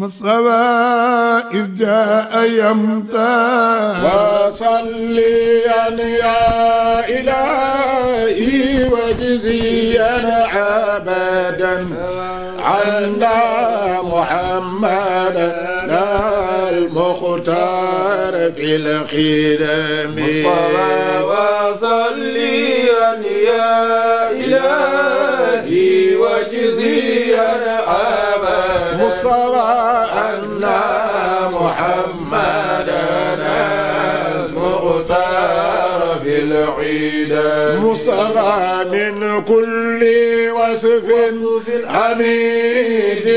مصطفى إذ جاء يمتى وصليا يا إلهي وجزيا أبدا عنا محمدا لا المختار في الخدم مصطفى وصليا wa بعيدا مصطفى من كل وصف حميد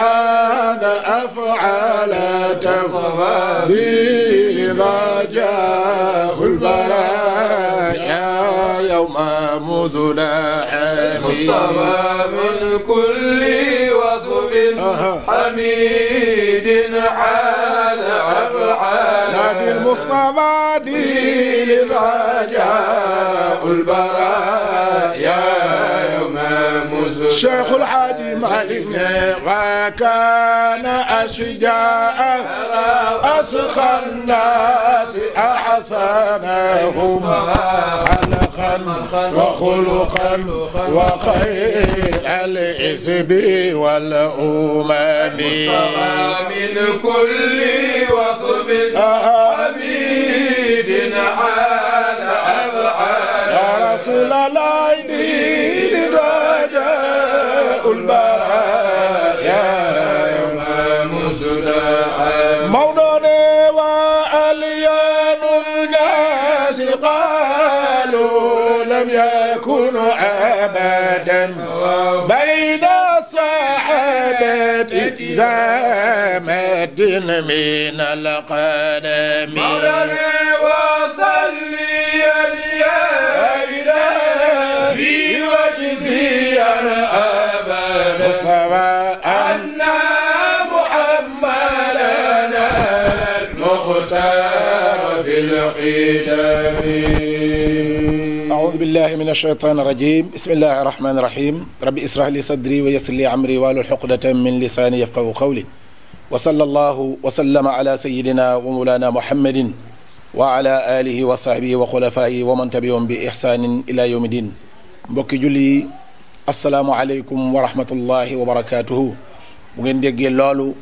هذا أفعل تفضيل رجاء البرايا يوم مذل مصطفى من كل وصف حميد هذا أفعل بالمصطفى دين الرجاء البراء يا إمام شيخ الحاج مالك وكان أشجاع أسخى الناس أحسنهم خلقا وخلقا وخير الحسب والأمم من كل وصف حميد حميد رسول العين رجاء البرايا يوم مسدعا موضوعي وأليان الناس قالوا لم يكن أبدا بين الصحابة زامد من القدم موضوعي أبدا سواء أن محمدا المختار في القدم أعوذ بالله من الشيطان الرجيم بسم الله الرحمن الرحيم ربي اسرح لي صدري ويسر لي عمري واحلل عقدة من لساني يفقهوا قولي وصلى الله وسلم على سيدنا ومولانا محمد وعلى آله وصحبه وخلفائه ومن تبعهم بإحسان إلى يوم الدين mbokki julli yi asalaamualeykum aleykum rahmatullahi wa barakaatuhu bu ngeen déggee loolu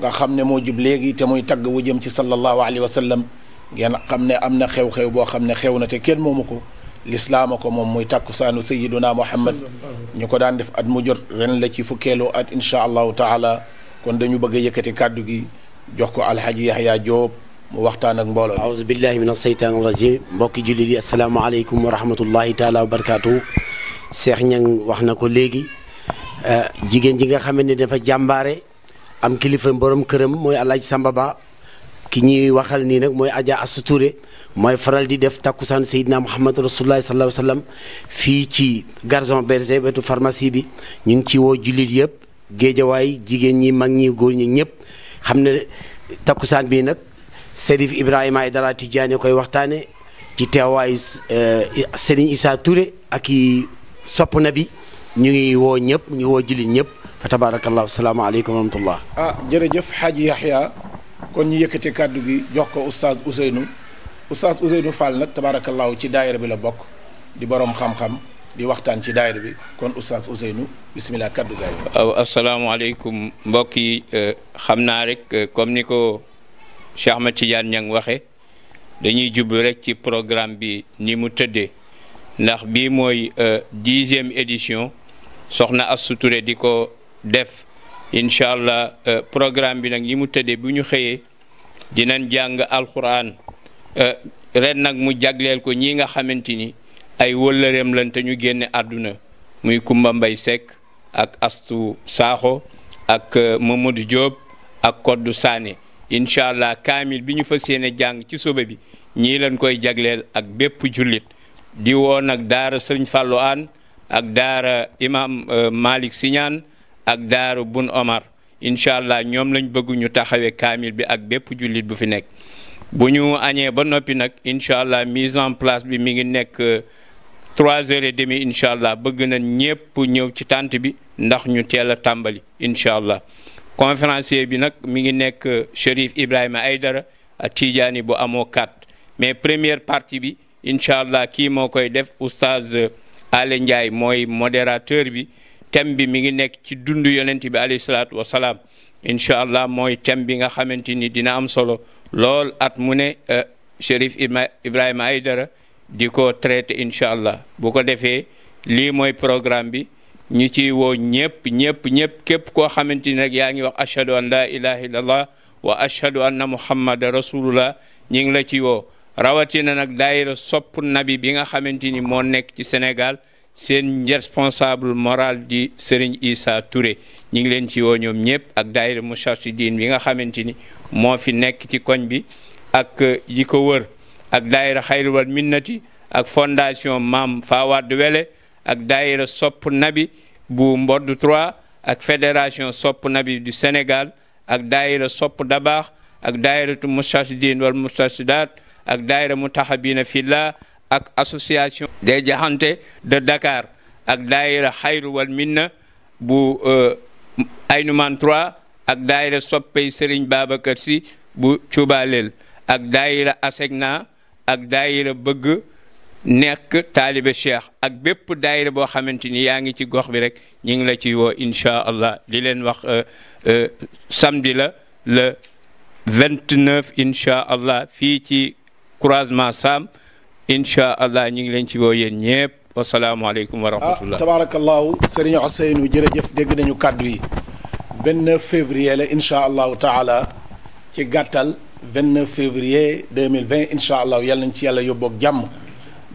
nga xam ne moo jub léegi te muy tagg wu jëm ci sallallahu alayhi wa sallam xam ne am na xew-xew boo xam ne xew na te kenn moomu ko lislaama ko moom muy tàkkusaanu sayiduna muhammad ñu ko daan def at mu jot ren la ci fukkeeloo at inchaa allahu taala kon dañu bëgg a yëkkati kàddu gi jox ko alhaji yahya joob mu waxtaan ak mbooloo aousubillahi min alseytaan irajim mbokki julli di asalaamaaleykum wa rahmatullahi taala wa Cheikh Niang wax na ko léegi euh, jigéen ji nga xam ne dafa jàmbaare am kilifa borom këram mooy Alaaji Samba ki ñuy waxal nii nag mooy Adja Astou Touré mooy faral di def takkusaan Seydina Muhammad Rasulullah sallallahu alayhi wasallam fii ci Garzon Berger wetu pharmacie bi ñu ngi ci woo jullit yëpp géejawaay jigéen ñi mag ñi góor ñi ñëpp xam ne takkusaan bii nag Serif Ibrahima Aïdara Tidiane koy waxtaane ci teewaayu euh, Serigne Issa Touré ak i sopp na bi ñu ngi woo ñëpp ñu woo jullit ñëpp fa tabarakallahu salaamaaleykum wa rahmatullah ah jërëjëf xaaji Yaxya kon ñu yëkkati kàddu gi jox ko oustaz Ousseynou oustaz Ousseynou Fall nag tabarakallahu ci daayira bi la bokk di boroom xam-xam di waxtaan ci daayira bi kon oustaz Ousseynou bismillah kàddu gaay waaw asalaamaaleykum mbokk yi euh, xam naa rek euh, comme ni ko Cheikh Ahmed Tidiane Niang waxe dañuy jublu rek ci programme bi ni mu tëddee ndax bii mooy euh, dixième édition soxna Astou Touré di ko def incha allah euh, programme bi nag ñi mu tëddee bu ñu xëyee dinañ jàng alquran euh, ren nag mu jagleel ko ñi nga xamante ni ay wëllëreem lan te ñu génne àdduna muy Kumba Mbay Sekk ak Astu Saaxo ak Mamadou Diop ak Koddu Saane incha allah kaamil bi ñu fas yéene jàng ci suba bi ñii lañ koy jagleel ak bépp jullit di nag daara sëriñ Fallou Hann ak daara imam euh, Malick Siñaan ak daara Bun Omar incha allah ñoom lañ bëgg ñu taxawee kaamil bi ak bépp jullit bu fi nekk bu ñu añee ba noppi nag incha allah mise en place bi mi ngi nekk euh, trois heures et demie incha allah bëgg na ñëpp ñëw ci tant bi ndax ñu teel a tàmbali incha allah conférencier bi nag mi ngi nekk euh, Cherif Ibrahima Aydara Tidjani bu amoo kat mais première partie bi. incha allah kii moo koy def oustaz euh, Ale Ndiaye mooy modérateur bi thème bi mi ngi nekk ci dundu yonent bi alayhi salaatu wa salaam incha allah mooy thème bi nga xamante ni dina am solo lool at mu ne euh, Chérif Ibrahima Aïdara di ko traité incha allah bu ko defee lii mooy programme bi ñu ciy woo ñëpp ñëpp ñëpp képp koo xamante ni rek yaa ngi wax ashhadu an la ilaha illallah wa ashhadu anna muhammadan rasulullah ñi ngi la ci woo rawatina nag daayira sopp nabi bi nga xamante ni moo nekk ci Sénégal seen responsable moral di Serigne Issa Touré ñu ngi leen ci woo ñoom ñëpp ak daayira Moustarchidine bi nga xamante ni moo fi nekk ci koñ bi ak euh, yi ko wër ak daayira Xayrul wal Minnati ak fondation Maam Fawade Wele ak daayira sopp nabi bu Mbodd 3 ak fédération sopp nabi du Sénégal ak daayira sopp dabaax ak daayiratu Moustarchidine wal Moustarchidaat ak daayira Moutahabina Fillah ak association de jaxante de Dakar ak daayira xayruwal Minna bu euh, Aynuman 3 ak daayira soppey Serigne Babacar Sy bu Cubaleel ak daayira Asegna ak daayira bëgg nekk taalibe cheikh ak bépp daayira boo xamante ni yaa ngi ci gox bi rek ñu ngi la ci woo incha allah di leen wax euh, euh, samedi la le 29 incha allah fii ci croisement Sam incha allah ñu ngi leen ci woo yéen ñëpp wasalaamualeykum wa rahmatullah. ah tabaarakallahu Serigne Ousseynou jërëjëf dégg nañu kàddu yi 29 février la incha allah taala ci gàttal 29 février 2020 incha allahu yàlla nañ ci yàlla yóbboog jàmm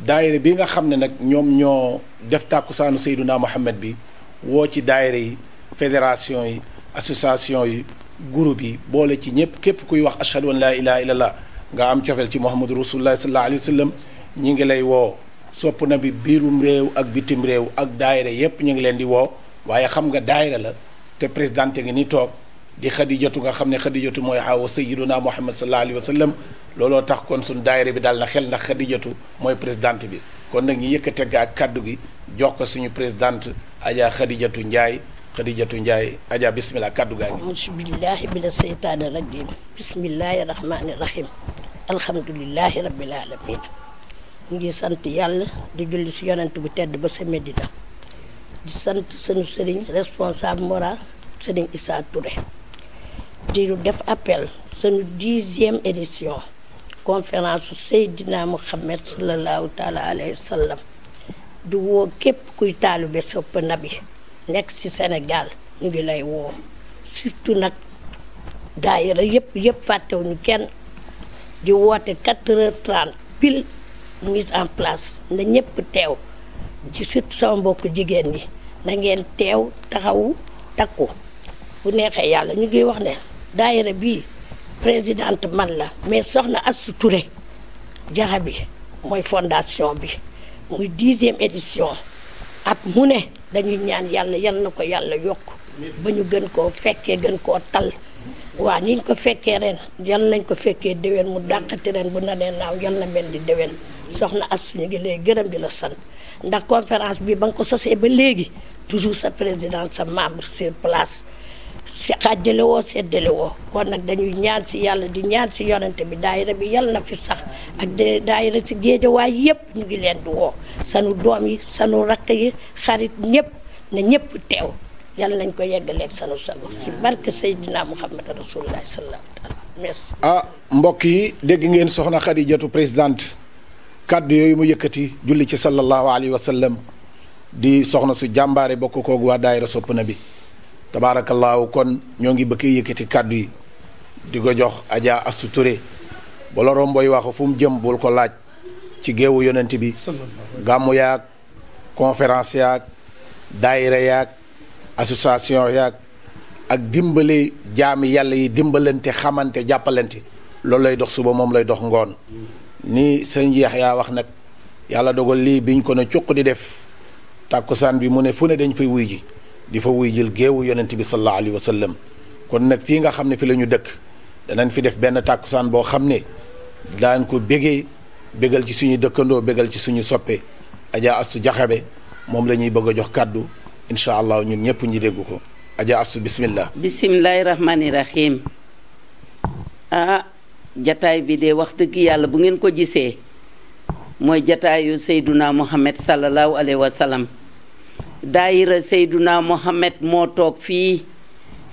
daayira bi nga xam ne nag ñoom ñoo def tàkkusaanu Seyduna Muhammad bi woo ci daayira yi fédération yi association yi groupe bi boole ci ñëpp képp kuy wax ashhadu an laa ilaha illallah nga am cofeel ci Muhammadu Rasulullah sallallahu alayhi wa sallam ñi ngi lay woo sopp na bi biirum réew ak bitim réew ak daayre yépp ñu ngi leen di woo waaye xam nga daayre la te présidente ngi ni toog di xadijatu nga xam ne xadijatu mooy awa sayyiduna Muhammad sallallahu alayhi wa sallam looloo tax kon suñu daayira bi daal na xel ndax xadijatu mooy présidente bi kon nag ñu yëkkate ak kàddu gi jox ko suñu présidente Adja Xadijatu Njaay Xadijatu Njaay Adja bismillah kàddu gaa ngi auzu billaahi mina rajiim bismillaahi rahmaani rahiim alhamdulillaahi rabbil aalamiin ñu ngi sant yàlla di julli si yonent bu tedd ba sa Medina di sant sunu sëriñ responsable moral sëriñ Issa Touré di def appel sunu dixième édition conférence Seydina Muhammad sallallahu taala alayhi wa di woo képp kuy taalu be sopp nabi nekk ci Sénégal ñu ngi lay woo surtout nag daayira yëpp yëpp fàttewuñu kenn di woote 4 heures 30 pile mise en place na ñëpp teew ci surtout sama mbokk jigéen ñi na ngeen teew taxawu takku bu neexee yàlla ñu ngi wax ne daayira bi présidente man la mais soxna Astou Touré jaxa bi mooy fondation bi muy dixième édition at mu ne dañuy ñaan yàlla yal na ko yàlla yokk ba ñu gën koo fekkee gën koo tal waaw niñ ko fekkee ren yal nañ ko fekkee déwén mu dàqati ren bu na nee naaw yal na mel di déwén soxna Astou ñu ngi lay gërëm di la sant ndax conférence bi ba nga ko sosee ba léegi toujours sa président sa membre sur place si xàjjale woo seddale kon nag dañuy ñaan si yàlla di ñaan si yonante bi daayira bi yàlla na fi sax ak daayira si géejawaay yëpp ñu ngi leen di woo sanu doom yi sanu rakk yi xarit ñëpp na ñëpp teew yàlla nañ ko yeggaleeg sanu sago si barke Seydina Muhammad rasulullah sallallahu taala merci ah, mbokk yi dégg ngeen soxna Xadijatu présidente kàddu yooyu mu yëkkati julli ci sallallahu alayhi wa sallam di soxna su jàmbaare bokk koogu waa daayira sopp na bi tabaarakallaahu kon ñoo ngi bëgg yëkkati kàddu yi di ko jox Adja Astou Touré ba la romboy fu mu jëm bul ko laaj ci géewu yonent bi gàmmu yaag conférence yaag daayira yaag association yaag ak dimbali jaami yàlla yi dimbalante xamante jàppalante loolu lay dox suba moom lay dox ngoon ni sëñ Yaxya wax nag yàlla dogal lii biñ kon a cuq di def tàkkusaan bi mu ne fu ne dañ fay wuy ji di fa wuy jël géewu yonent bi sallallahu alayhi wa sallam kon nag fii nga xam ne fi la ñu dëkk danañ fi def benn tàkkusaan boo xam ne daan ko bëggee bégal ci suñu dëkkandoo bégal ci suñu soppe Adja Astou Diakhabe moom la ñuy bëgg a jox kàddu incha allah ñun ñëpp ñu dégg ko Adja Astou bismillah bisimilahi rahmaani rahim ah jataay bi de wax dëgg yàlla bu ngeen ko gisee mooy jataayu Seyduna Muhammad sallallahu alayhi wa sallam daayira Seydouna Mohamed moo toog fii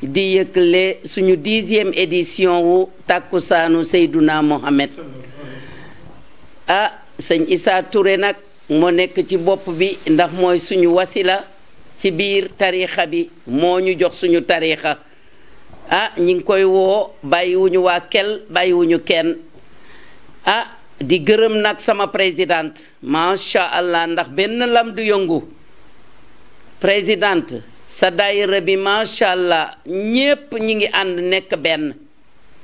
di yëkkale suñu dixième édition wu tàkkusaanu Seydouna Mohamed ah sëñ Issa Touré nag moo nekk ci bopp bi ndax mooy suñu wasila ci biir tarixa bi moo ñu jox suñu tarixa a ah, ñi ngi koy woo bàyyiwuñu waa kel bàyyiwuñu kenn a ah, di gërëm nag sama présidente macha allah ndax benn lam du yëngu présidente sa daayira bi macha allah ñépp ñi ngi ànd nekk benn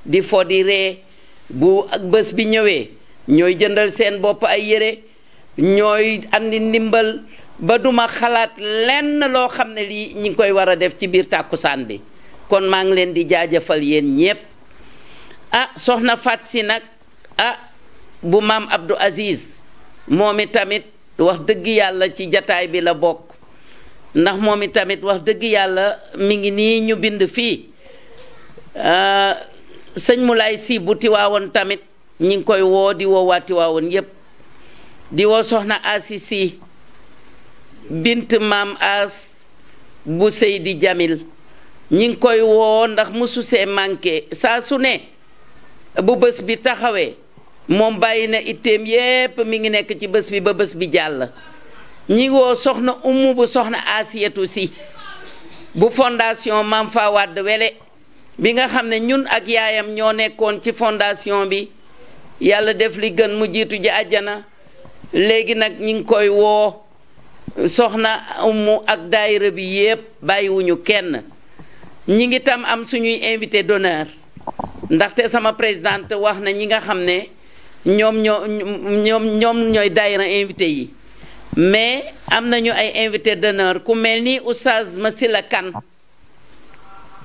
di fo di ree bu ak bés bi ñëwee ñooy jëndal seen bopp ay yére ñooy àndi ndimbal ba duma xalaat lenn loo xam ne lii ñi ngi koy war a def ci biir tàkkusaan bi kon maa ngi leen di jaajëfal yéen ñépp ah soxna Fat si nag a ah, bu maam Abdou Aziz moom i tamit wax dëgg yàlla ci jataay bi la bokk ndax moom it tamit wax dëgg yàlla mi ngi nii ñu bind fii ah, sëñ Moulay sii bu Tiwaawoon tamit ñi ngi koy woo di woo waa Tiwaawoon yépp di woo soxna Asi Sy bint maam As bu Seydi Jamil ñi ngi koy woo ndax mësu see manqué saa su ne bu bés bi taxawee moom bàyyi na itteem yépp mi ngi nekk ci bés bi ba bés bi jàll ñi woo soxna umm bu soxna asiyatu si bu fondation Maam Fawad Wele bi nga xam ne ñun ak yaayam ñoo nekkoon ci fondation bi yàlla def li gën mu jiitu ji àjjana léegi nag ñi ngi koy woo soxna umm ak daayira bi yépp bàyyiwuñu kenn ñi ngi tam am suñuy invité d'honneur ndaxte sama présidente wax na ñi nga xam ne ñoom ñoo ñoom ñooy daayira invité yi mais am nañu ay invité d'honneur ku mel ni oustaz Masila Kane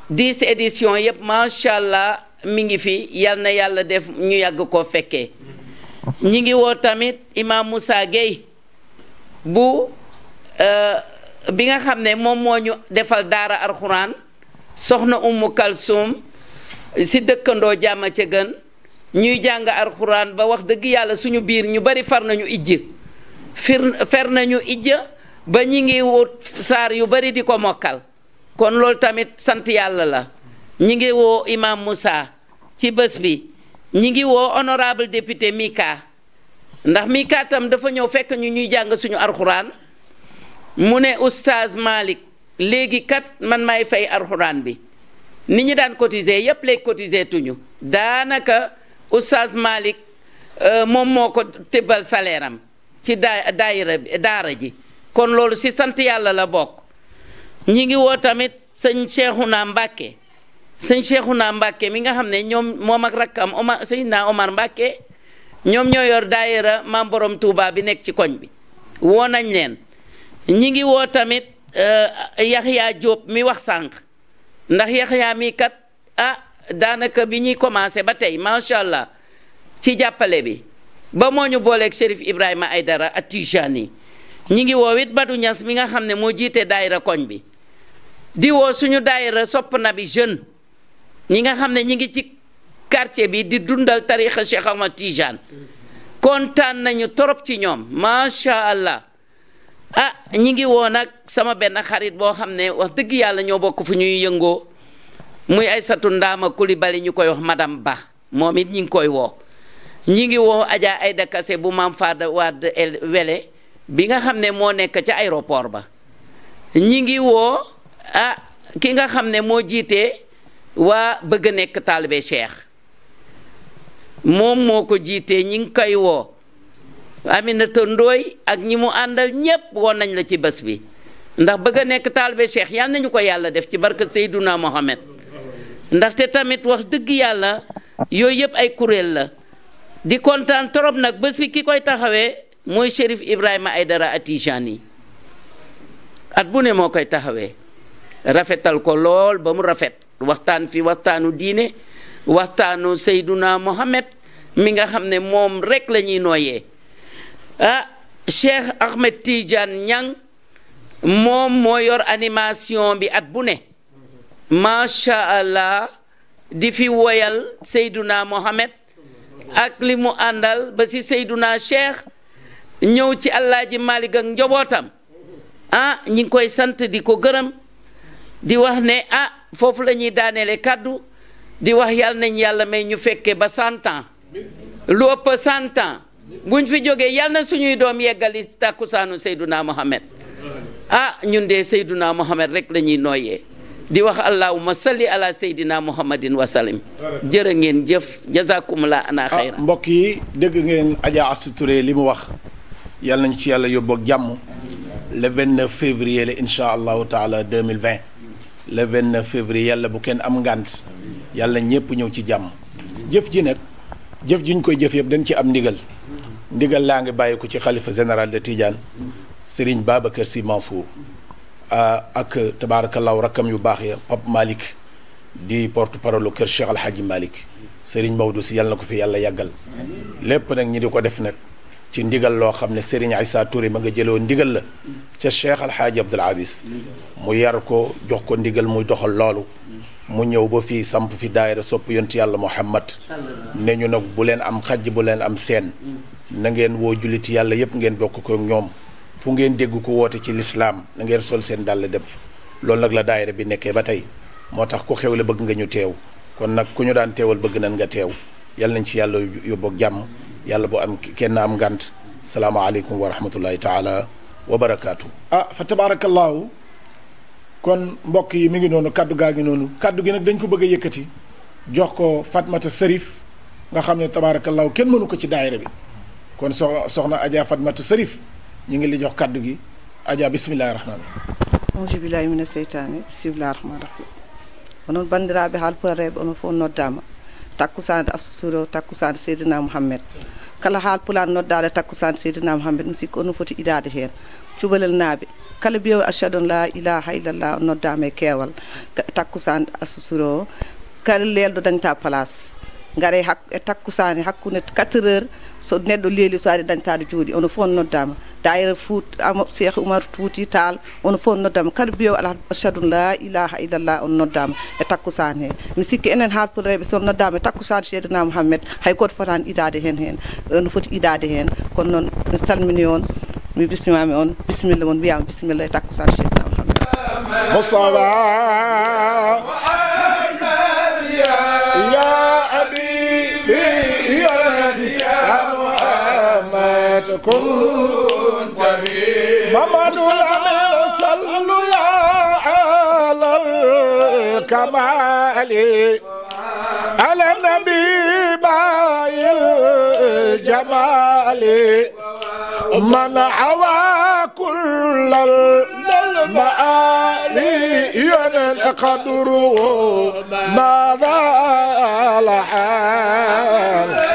dix éditions yëpp macha allah mi ngi fi yal na yàlla def ñu yàgg koo fekkee ñi ngi woo tamit imam Moussa Gueye bu euh, bi nga xam ne moom moo ñu defal daara alxuraan soxna Umu Kalsum si dëkkandoo jàmm ca gën ñuy jàng alxuraan ba wax dëgg yàlla suñu biir ñu bari far nañu ijji fir fer nañu ijja ba ñi ngi wut saar yu bari di ko mokkal kon loolu tamit sant yàlla la ñi ngi woo imam Moussa ci bés bi ñi ngi woo honorable député Mika ndax Mika tam dafa ñëw fekk ñu ñuy jàng suñu arxuraan mu ne oustaz Malick léegi kat man may fay arxuraan bi ni ñu daan cotiser yépp léegi cotiser tuñu daanaka oustaz Malick euh, moom moo ko tëbbal saleeram ci daa daayira bi daara ji kon loolu si sant yàlla la bokk ñi ngi woo tamit sëñ Cheikhouna Mbacke sëñ Cheikhouna Mbacke mi nga xam ne ñoom moom ak rakkam Omar sëñ naa Omar Mbacke ñoom ñoo yor daayira maam borom Touba bi nekk ci koñ bi woo nañ leen ñi ngi woo tamit euh, Yaxya Diop mi wax sànq ndax Yaxya mi kat ah daanaka bi ñuy commencé ba tey macha allah ci jàppale bi. ba moo ñu booleeg Chérif Ibrahima Aydara at yi ñi ngi woo it Badou mi nga xam ne moo jiitee daayira koñ bi di woo suñu daayra sopp na bi jeune ñi nga xam ne ñi ngi ci quartier bi di dundal tarixa Cheikh Ahmad Tijane kontaan nañu trop ci ñoom macha allah ah ñi ngi woo nag sama benn xarit boo xam ne wax dëgg yàlla ñoo bokk fu ñuy yëngoo muy ay Aysatu Ndaama Kulibali ñu koy wax madame Ba moom it ñi ngi koy woo ñi ngi woo ajaa ay Kassé bu Maam Fada Wade Wele bi nga xam ne moo nekk ca aéroport ba ñi ngi woo ah ki nga xam ne moo jiitee waa bëgg nekk taalibe Cheikh moom moo ko jiitee ñi ngi koy woo Aminata tëndooy ak ñi mu àndal ñépp woon nañ la ci bés bi ndax bëgg a nekk taalibe Cheikh yal nañu ko yàlla def ci barke Seydouna Mohamed ndaxte tamit wax dëgg yàlla yooyu yëpp ay kuréel la di kontaan trop nag bés bi ki koy taxawee mooy Chérif Ibrahima ay dara Aïdara yi at bu ne moo koy taxawee rafetal ko lool ba mu rafet waxtaan fi waxtaanu diine waxtaanu Seyduna Mohamed mi nga xam ne moom rek la ñuy nooyee ah Cheikh Ahmed Tidiane Niang moom moo yor animation bi at bu ne macha allah di fi woyal Seyduna Mohamed. ak li mu àndal ba si Seyduna Cheikh ñëw ci Alaaji Malick ak njobootam ah ñi ngi koy sant di ko gërëm di wax ne ah foofu la ñuy daaneele kàddu di wax yàlla nañ yàlla may ñu fekkee ba cent ans lu ëpp cent ans buñ fi jógee yàlla na suñuy doom yeggali tàkkusaanu Seyduna Mohamed ah ñun de Seyduna Mohamed rek lañuy ñuy nooyee di wax allahumma salli ala sayyidina muhammadin wa salim jërë ngeen jëf jazakumullah ana ah, xayra mbokk yi dëgg ngeen Adja Astou li mu wax yal nañ ci yàlla yóbbu jàmm le 29 février la incha allahu taala 2020 le 29 février yàlla bu kenn am ngànt yàlla ñëpp ñëw ci jàmm jëf ji nag jëf ji ñu koy jëf yëpp dañ ci am ndigal ndigal laa ngi bàyyi ko ci xalifa général de Tidiane Serigne Babacar Sy Mansour Euh, ak tabaarakallaahu rakkam yu baax ya Pape Malick di porte parole kër Cheikh Al Hadj Malick Serigne Maodo si yàlla na ko fi yàlla yàggal lépp nag ñi di ko def nag ci ndigal loo xam ne Serigne Issa Touré ma nga jëloo ndigal la ca Cheikh Al Hadj Aziz mu yar ko jox ko ndigal mu doxal loolu mu ñëw ba fii samp fi daayira sopp yonti yàlla Muhammad ne ñu nag bu leen am xaj bu leen am seen na ngeen woo julliti yàlla yëpp ngeen bokk ko ñoom. fu ngeen dégg ko woote ci lislaam na ngeen sol seen dàll dem fa lool nag la daayira bi nekkee ba tey moo tax ku xew la bëgg nga ñu teew kon nag ku ñu daan teewal bëgg nañ nga teew yal nañ ci yàlla yóbbu ak jàmm yàlla bu am kenn am ngant salaamaaleykum wa rahmatullahi taala wa barakaatu. ah fa tabaarakallaahu kon mbokk yi mi ngi noonu kàddu gaa ngi noonu kàddu gi nag dañ ko bëgg a yëkkati jox ko Fatmata Sërif nga xam ne tabaarakallaahu kenn mënu ko ci daayira bi kon soxna soxna Adja Fatmata Sërif. ñu ngi li jox kàddu gi Adja bisimilahi rahmani auju billahi mina seytaani bisimilahi rahmani rahim onon bandiraɓe haalpulareɓe onon fof noddama takkusade assuro takkusade seydina mouhammed kala haalpulaar noddaade takkusaan seydina mouhamed mi onon foti idaade heen cubalel naaɓe kala mbiyowo achadu an la ilaha illallah on noddaama e keewal takkusaan asusuro o kala leelɗo dañta place gaare hak takkusane hakkude 4 heures so neɗɗo leeli so ari dañtade juuɗe ono fof noddama dayira fout cheikh oumar touti taal ono fof noddama kala e takkusane he mi sikki enen haalpulreɓe so noddama e takkusane seydana mouhammed hay goto fotani idade hen hen ono foti idade hen kono noon mi salmini on mi bismimami on bisimilla won mbiyama bisimilla e takkusane seydana mouhammed كنت محمد الأمين صلوا يا على الكمال على النبي باي الجمال من عوى كل المآلي ينال قدره ماذا الحال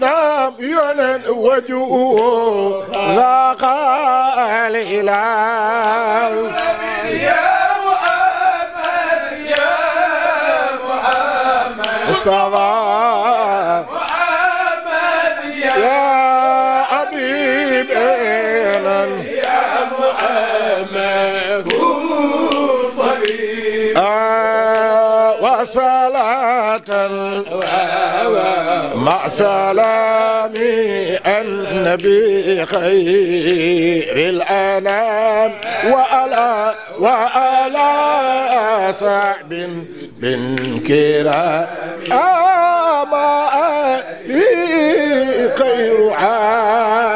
daam yoneen waju la qaal ilaal yaa muhammad yaa muhammad مع سلام النبي خير الأنام وألا وألا سعد بن كرام أما خير عام